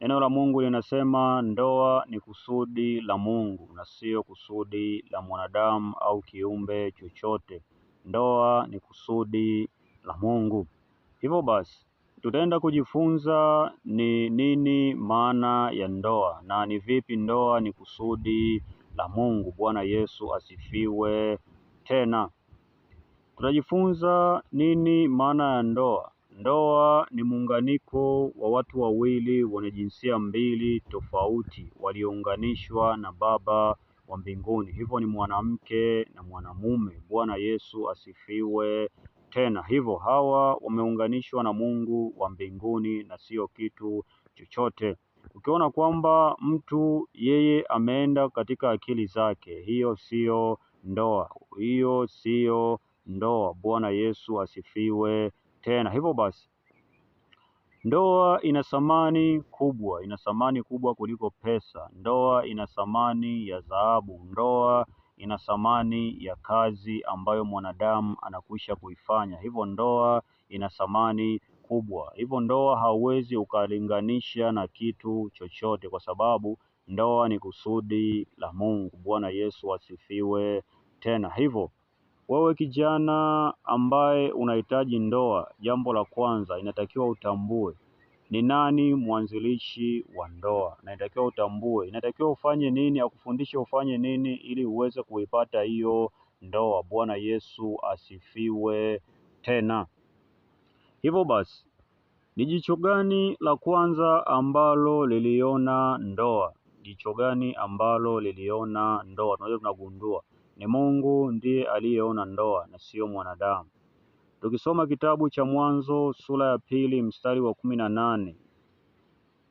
Neno la Mungu linasema ndoa ni kusudi la Mungu na sio kusudi la mwanadamu au kiumbe chochote. Ndoa ni kusudi la Mungu. Hivyo basi, tutaenda kujifunza ni nini maana ya ndoa na ni vipi ndoa ni kusudi la Mungu. Bwana Yesu asifiwe. Tena tutajifunza nini maana ya ndoa Ndoa ni muunganiko wa watu wawili wenye jinsia mbili tofauti waliounganishwa na Baba wa mbinguni. Hivyo ni mwanamke na mwanamume. Bwana Yesu asifiwe. Tena hivyo hawa wameunganishwa na Mungu wa mbinguni na sio kitu chochote. Ukiona kwamba mtu yeye ameenda katika akili zake, hiyo siyo ndoa, hiyo siyo ndoa. Bwana Yesu asifiwe tena. Hivyo basi ndoa ina thamani kubwa, ina thamani kubwa kuliko pesa. Ndoa ina thamani ya dhahabu, ndoa ina thamani ya kazi ambayo mwanadamu anakwisha kuifanya. Hivyo ndoa ina thamani kubwa, hivyo ndoa hauwezi ukalinganisha na kitu chochote, kwa sababu ndoa ni kusudi la Mungu. Bwana Yesu asifiwe tena hivyo wewe kijana ambaye unahitaji ndoa, jambo la kwanza inatakiwa utambue ni nani mwanzilishi wa ndoa, na inatakiwa utambue, inatakiwa ufanye nini, akufundishe ufanye nini ili uweze kuipata hiyo ndoa. Bwana Yesu asifiwe tena. Hivyo basi, ni jicho gani la kwanza ambalo liliona ndoa? Jicho gani ambalo liliona ndoa? Tunaweza tunagundua ni Mungu ndiye aliyeona ndoa na siyo mwanadamu. Tukisoma kitabu cha Mwanzo sura ya pili mstari wa kumi na nane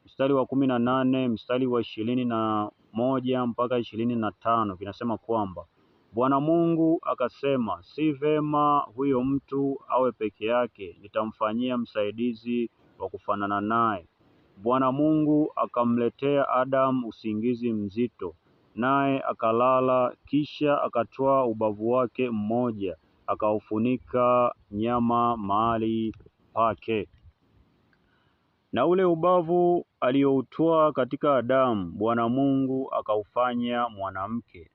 mstari wa kumi na nane mstari wa ishirini na moja mpaka ishirini na tano kinasema kwamba Bwana Mungu akasema, si vema huyo mtu awe peke yake, nitamfanyia msaidizi wa kufanana naye. Bwana Mungu akamletea Adamu usingizi mzito, naye akalala, kisha akatoa ubavu wake mmoja akaufunika nyama mahali pake, na ule ubavu aliyoutoa katika Adamu, Bwana Mungu akaufanya mwanamke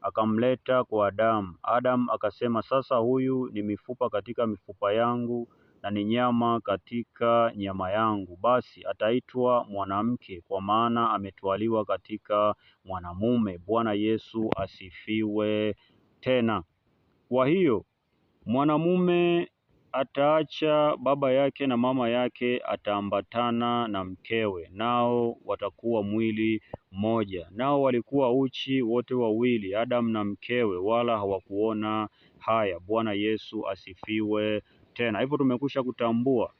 akamleta kwa Adamu. Adamu akasema, sasa huyu ni mifupa katika mifupa yangu na ni nyama katika nyama yangu, basi ataitwa mwanamke, kwa maana ametwaliwa katika mwanamume. Bwana Yesu asifiwe tena. Kwa hiyo mwanamume ataacha baba yake na mama yake, ataambatana na mkewe, nao watakuwa mwili mmoja. Nao walikuwa uchi wote wawili, Adamu na mkewe, wala hawakuona haya. Bwana Yesu asifiwe tena. Hivyo tumekwisha kutambua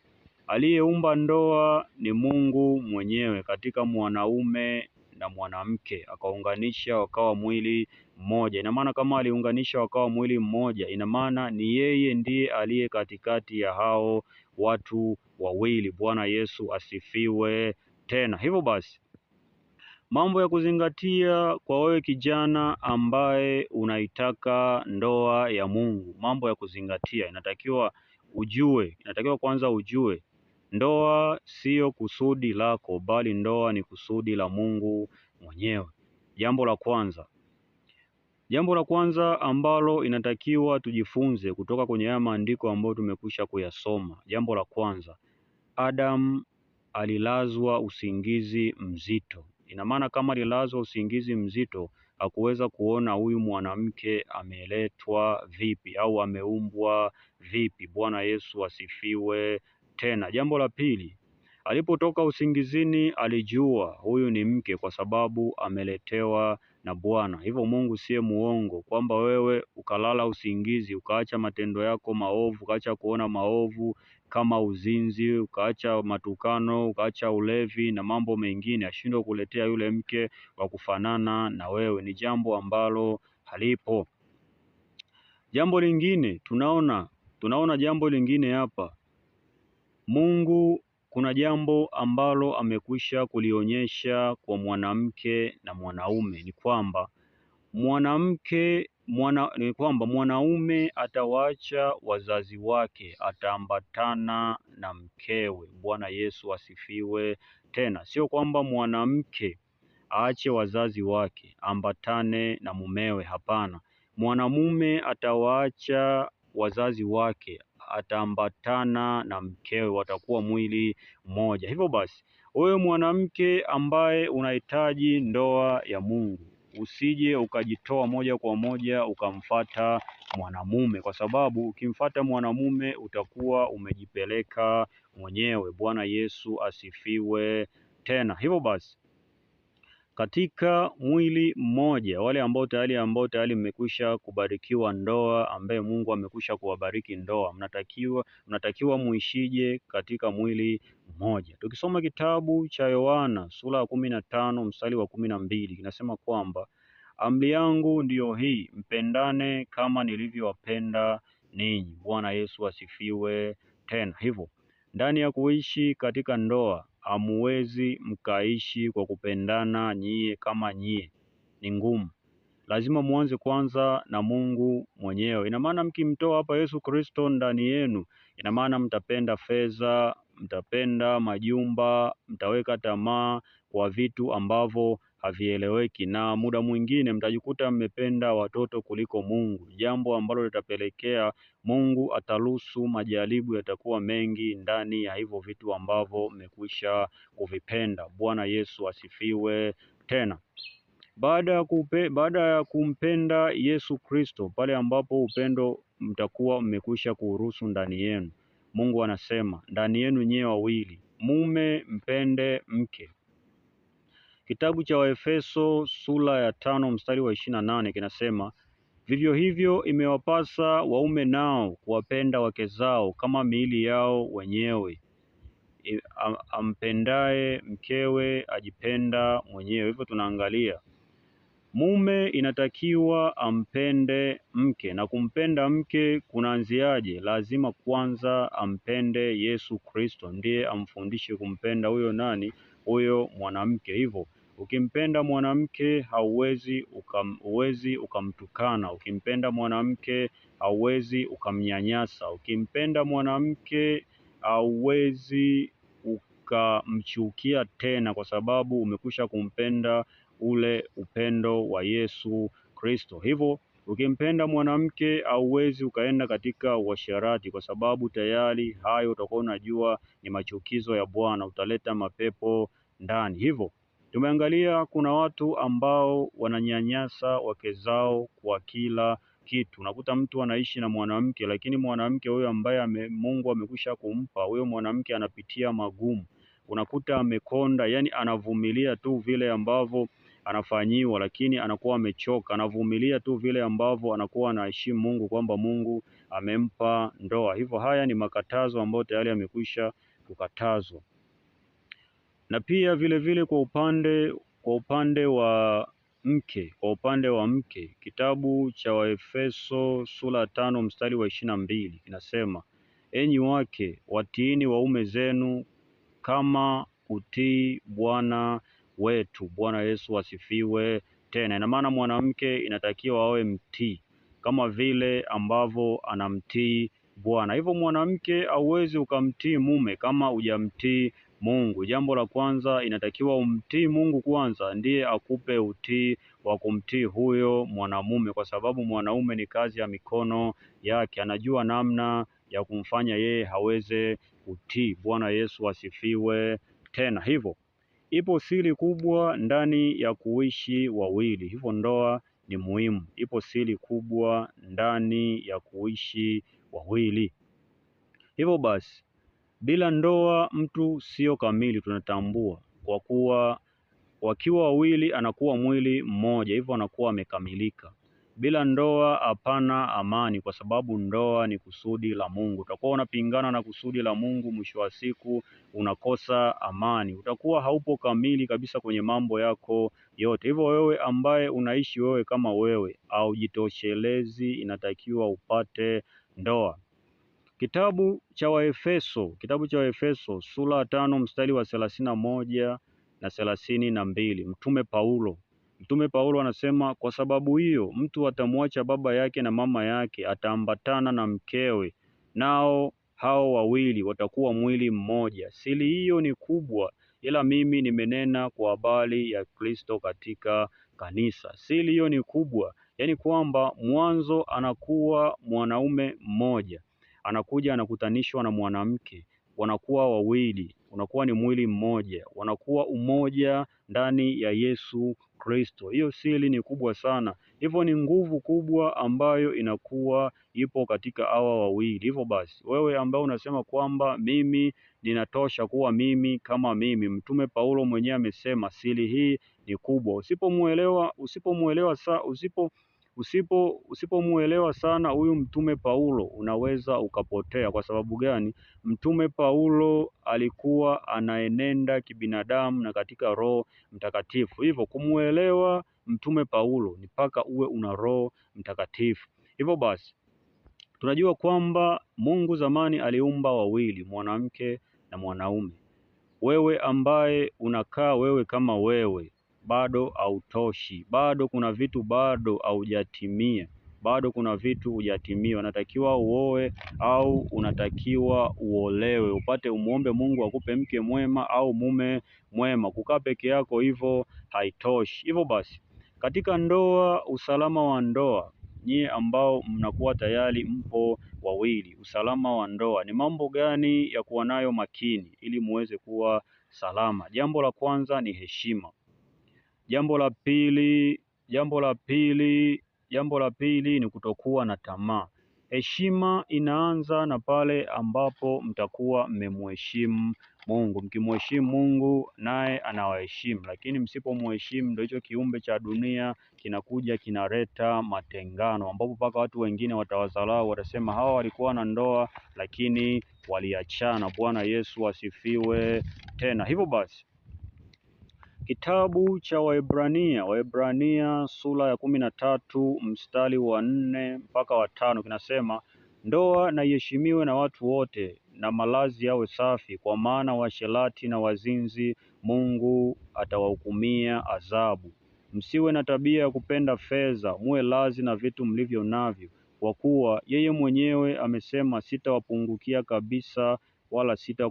aliyeumba ndoa ni Mungu mwenyewe katika mwanaume na mwanamke, akaunganisha wakawa mwili mmoja. Ina maana kama aliunganisha wakawa mwili mmoja, ina maana ni yeye ndiye aliye katikati ya hao watu wawili. Bwana Yesu asifiwe tena. Hivyo basi mambo ya kuzingatia kwa wewe kijana ambaye unaitaka ndoa ya Mungu, mambo ya kuzingatia inatakiwa ujue, inatakiwa kwanza ujue ndoa siyo kusudi lako, bali ndoa ni kusudi la Mungu mwenyewe. Jambo la kwanza, jambo la kwanza ambalo inatakiwa tujifunze kutoka kwenye haya maandiko ambayo tumekwisha kuyasoma, jambo la kwanza, Adam alilazwa usingizi mzito. Ina maana kama alilazwa usingizi mzito kuweza kuona huyu mwanamke ameletwa vipi au ameumbwa vipi. Bwana Yesu asifiwe. Tena jambo la pili, alipotoka usingizini alijua huyu ni mke, kwa sababu ameletewa na Bwana. Hivyo Mungu siye muongo, kwamba wewe ukalala usingizi, ukaacha matendo yako maovu, ukaacha kuona maovu kama uzinzi, ukaacha matukano, ukaacha ulevi na mambo mengine, ashindwe kuletea yule mke wa kufanana na wewe. Ni jambo ambalo halipo. Jambo lingine tunaona, tunaona jambo lingine hapa Mungu kuna jambo ambalo amekwisha kulionyesha kwa mwanamke na mwanaume ni kwamba mwanamke mwana, ni kwamba mwanaume atawaacha wazazi wake, ataambatana na mkewe. Bwana Yesu asifiwe. Tena sio kwamba mwanamke aache wazazi wake, ambatane na mumewe. Hapana, mwanamume atawaacha wazazi wake, ataambatana na mkewe, watakuwa mwili mmoja. Hivyo basi, wewe mwanamke ambaye unahitaji ndoa ya Mungu, usije ukajitoa moja kwa moja ukamfata mwanamume, kwa sababu ukimfata mwanamume utakuwa umejipeleka mwenyewe. Bwana Yesu asifiwe tena. Hivyo basi katika mwili mmoja, wale ambao tayari ambao tayari mmekwisha kubarikiwa ndoa, ambaye Mungu amekwisha kuwabariki ndoa, mnatakiwa mnatakiwa muishije katika mwili mmoja. Tukisoma kitabu cha Yohana sura ya kumi na tano mstari wa kumi na mbili kinasema kwamba amri yangu ndiyo hii, mpendane kama nilivyowapenda ninyi. Bwana Yesu asifiwe tena. Hivyo ndani ya kuishi katika ndoa hamuwezi mkaishi kwa kupendana nyie kama nyie, ni ngumu. Lazima muanze kwanza na Mungu mwenyewe. Ina maana mkimtoa hapa Yesu Kristo ndani yenu, ina maana mtapenda fedha, mtapenda majumba, mtaweka tamaa kwa vitu ambavyo havieleweki, na muda mwingine mtajikuta mmependa watoto kuliko Mungu, jambo ambalo litapelekea Mungu ataruhusu majaribu yatakuwa mengi ndani ya hivyo vitu ambavyo mmekwisha kuvipenda. Bwana Yesu asifiwe. Tena baada ya kupe, baada ya kumpenda Yesu Kristo, pale ambapo upendo mtakuwa mmekwisha kuruhusu ndani yenu, Mungu anasema ndani yenu nyewe wawili, mume mpende mke Kitabu cha Waefeso sura ya tano mstari wa ishirini na nane kinasema vivyo hivyo imewapasa waume nao kuwapenda wake zao kama miili yao wenyewe. Ampendaye mkewe ajipenda mwenyewe. Hivyo tunaangalia mume inatakiwa ampende mke, na kumpenda mke kunaanziaje? Lazima kwanza ampende Yesu Kristo, ndiye amfundishe kumpenda huyo nani, huyo mwanamke hivyo Ukimpenda mwanamke hauwezi ukam, uwezi ukamtukana. Ukimpenda mwanamke hauwezi ukamnyanyasa. Ukimpenda mwanamke hauwezi ukamchukia tena, kwa sababu umekwisha kumpenda ule upendo wa Yesu Kristo. Hivyo ukimpenda mwanamke hauwezi ukaenda katika uasherati, kwa sababu tayari hayo utakuwa unajua ni machukizo ya Bwana, utaleta mapepo ndani hivyo Tumeangalia kuna watu ambao wananyanyasa wake zao kwa kila kitu. Unakuta mtu anaishi na mwanamke, lakini mwanamke huyo ambaye ame, Mungu amekwisha kumpa huyo mwanamke anapitia magumu, unakuta amekonda, yani anavumilia tu vile ambavyo anafanyiwa, lakini anakuwa amechoka, anavumilia tu vile ambavyo anakuwa anaheshimu Mungu kwamba Mungu amempa ndoa. Hivyo haya ni makatazo ambayo tayari amekwisha kukatazwa na pia vile vile kwa upande kwa upande wa mke kwa upande wa mke kitabu cha Waefeso sura tano mstari wa ishirini na mbili kinasema enyi wake watiini waume zenu kama utii Bwana wetu. Bwana Yesu asifiwe. Tena ina maana mwanamke inatakiwa awe mtii kama vile ambavyo anamtii Bwana. Hivyo mwanamke auwezi ukamtii mume kama hujamtii Mungu. Jambo la kwanza inatakiwa umtii Mungu kwanza, ndiye akupe utii wa kumtii huyo mwanamume, kwa sababu mwanaume ni kazi ya mikono yake, anajua namna ya kumfanya yeye haweze kutii. Bwana Yesu asifiwe. Tena hivyo ipo siri kubwa ndani ya kuishi wawili, hivyo ndoa ni muhimu. Ipo siri kubwa ndani ya kuishi wawili, hivyo basi bila ndoa mtu sio kamili, tunatambua kwa kuwa wakiwa wawili anakuwa mwili mmoja, hivyo anakuwa amekamilika. Bila ndoa hapana amani, kwa sababu ndoa ni kusudi la Mungu. Utakuwa unapingana na kusudi la Mungu, mwisho wa siku unakosa amani, utakuwa haupo kamili kabisa kwenye mambo yako yote. Hivyo wewe ambaye unaishi wewe kama wewe, au jitoshelezi inatakiwa upate ndoa. Kitabu cha Waefeso, kitabu cha Waefeso sura tano mstari wa thelathini na moja na thelathini na mbili Mtume Paulo Mtume Paulo anasema kwa sababu hiyo mtu atamwacha baba yake na mama yake, ataambatana na mkewe, nao hao wawili watakuwa mwili mmoja. Siri hiyo ni kubwa, ila mimi nimenena kwa habari ya Kristo katika kanisa. Siri hiyo ni kubwa, yaani kwamba mwanzo anakuwa mwanaume mmoja, anakuja anakutanishwa na mwanamke, wanakuwa wawili, unakuwa ni mwili mmoja, wanakuwa umoja ndani ya Yesu Kristo. Hiyo siri ni kubwa sana. Hivyo ni nguvu kubwa ambayo inakuwa ipo katika hawa wawili. Hivyo basi, wewe ambaye unasema kwamba mimi ninatosha kuwa mimi kama mimi, Mtume Paulo mwenyewe amesema siri hii ni kubwa. Usipomuelewa, usipomuelewa saa usipo Usipo usipomuelewa sana huyu mtume Paulo unaweza ukapotea. Kwa sababu gani? Mtume Paulo alikuwa anaenenda kibinadamu na katika Roho Mtakatifu, hivyo kumuelewa mtume Paulo ni mpaka uwe una Roho Mtakatifu. Hivyo basi tunajua kwamba Mungu zamani aliumba wawili, mwanamke na mwanaume. Wewe ambaye unakaa wewe kama wewe bado hautoshi, bado kuna vitu bado haujatimia, bado kuna vitu hujatimia. Unatakiwa uoe au unatakiwa uolewe, upate umwombe Mungu akupe mke mwema au mume mwema. Kukaa peke yako hivyo haitoshi. Hivyo basi katika ndoa, usalama wa ndoa nyie ambao mnakuwa tayari mpo wawili, usalama wa ndoa ni mambo gani ya kuwa nayo makini ili muweze kuwa salama? Jambo la kwanza ni heshima. Jambo la pili, jambo la pili, jambo la pili ni kutokuwa na tamaa. Heshima inaanza na pale ambapo mtakuwa mmemheshimu Mungu. Mkimheshimu Mungu naye anawaheshimu, lakini msipomheshimu, ndio hicho kiumbe cha dunia kinakuja kinaleta matengano, ambapo mpaka watu wengine watawadharau, watasema hawa walikuwa na ndoa lakini waliachana. Bwana Yesu asifiwe tena. Hivyo basi Kitabu cha Waebrania, Waebrania sura ya kumi na tatu mstari wa nne mpaka wa tano kinasema, ndoa na iheshimiwe na watu wote, na malazi yawe safi, kwa maana washerati na wazinzi Mungu atawahukumia adhabu. Msiwe na tabia ya kupenda fedha, muwe lazi na vitu mlivyo navyo, kwa kuwa yeye mwenyewe amesema, sitawapungukia kabisa wala sita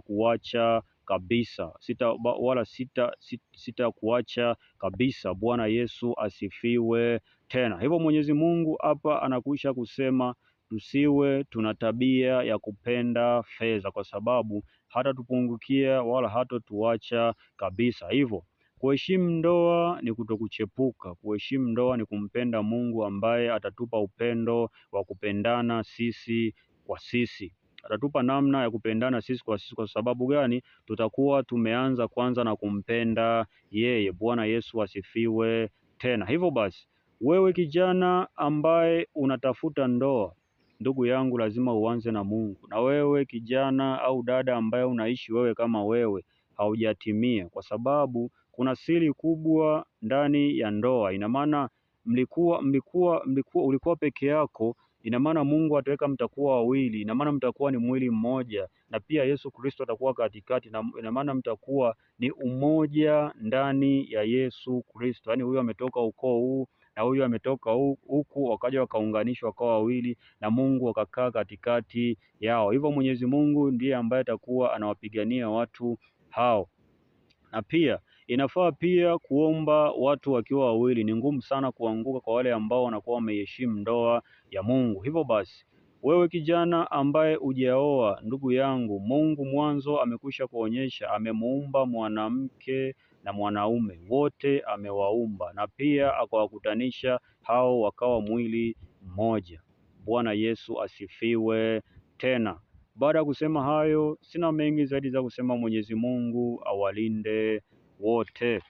kabisa sita, wala sita, sita, sita kuacha kabisa. Bwana Yesu asifiwe tena. Hivyo Mwenyezi Mungu hapa anakuisha kusema tusiwe tuna tabia ya kupenda fedha, kwa sababu hatatupungukia wala hatotuacha kabisa. Hivyo kuheshimu ndoa ni kutokuchepuka. Kuheshimu ndoa ni kumpenda Mungu ambaye atatupa upendo wa kupendana sisi kwa sisi atatupa namna ya kupendana sisi kwa sisi. Kwa sababu gani? Tutakuwa tumeanza kwanza na kumpenda yeye. Bwana Yesu asifiwe tena. Hivyo basi, wewe kijana ambaye unatafuta ndoa, ndugu yangu, lazima uanze na Mungu. Na wewe kijana au dada ambaye unaishi wewe kama wewe haujatimia, kwa sababu kuna siri kubwa ndani ya ndoa. Ina maana mlikuwa mlikuwa mlikuwa ulikuwa peke yako Ina maana Mungu ataweka mtakuwa wawili, ina maana mtakuwa ni mwili mmoja, na pia Yesu Kristo atakuwa katikati, na ina maana mtakuwa ni umoja ndani ya Yesu Kristo. Yaani huyu ametoka ukoo huu na huyu ametoka huku, wakaja wakaunganishwa wakawa wawili, na Mungu akakaa katikati yao. Hivyo Mwenyezi Mungu ndiye ambaye atakuwa anawapigania watu hao, na pia Inafaa pia kuomba watu wakiwa wawili, ni ngumu sana kuanguka kwa wale ambao wanakuwa wameheshimu ndoa ya Mungu. Hivyo basi wewe kijana ambaye hujaoa, ndugu yangu, Mungu mwanzo amekwisha kuonyesha, amemuumba mwanamke na mwanaume, wote amewaumba na pia akawakutanisha hao wakawa mwili mmoja. Bwana Yesu asifiwe. Tena baada ya kusema hayo, sina mengi zaidi za kusema. Mwenyezi Mungu awalinde. War 2.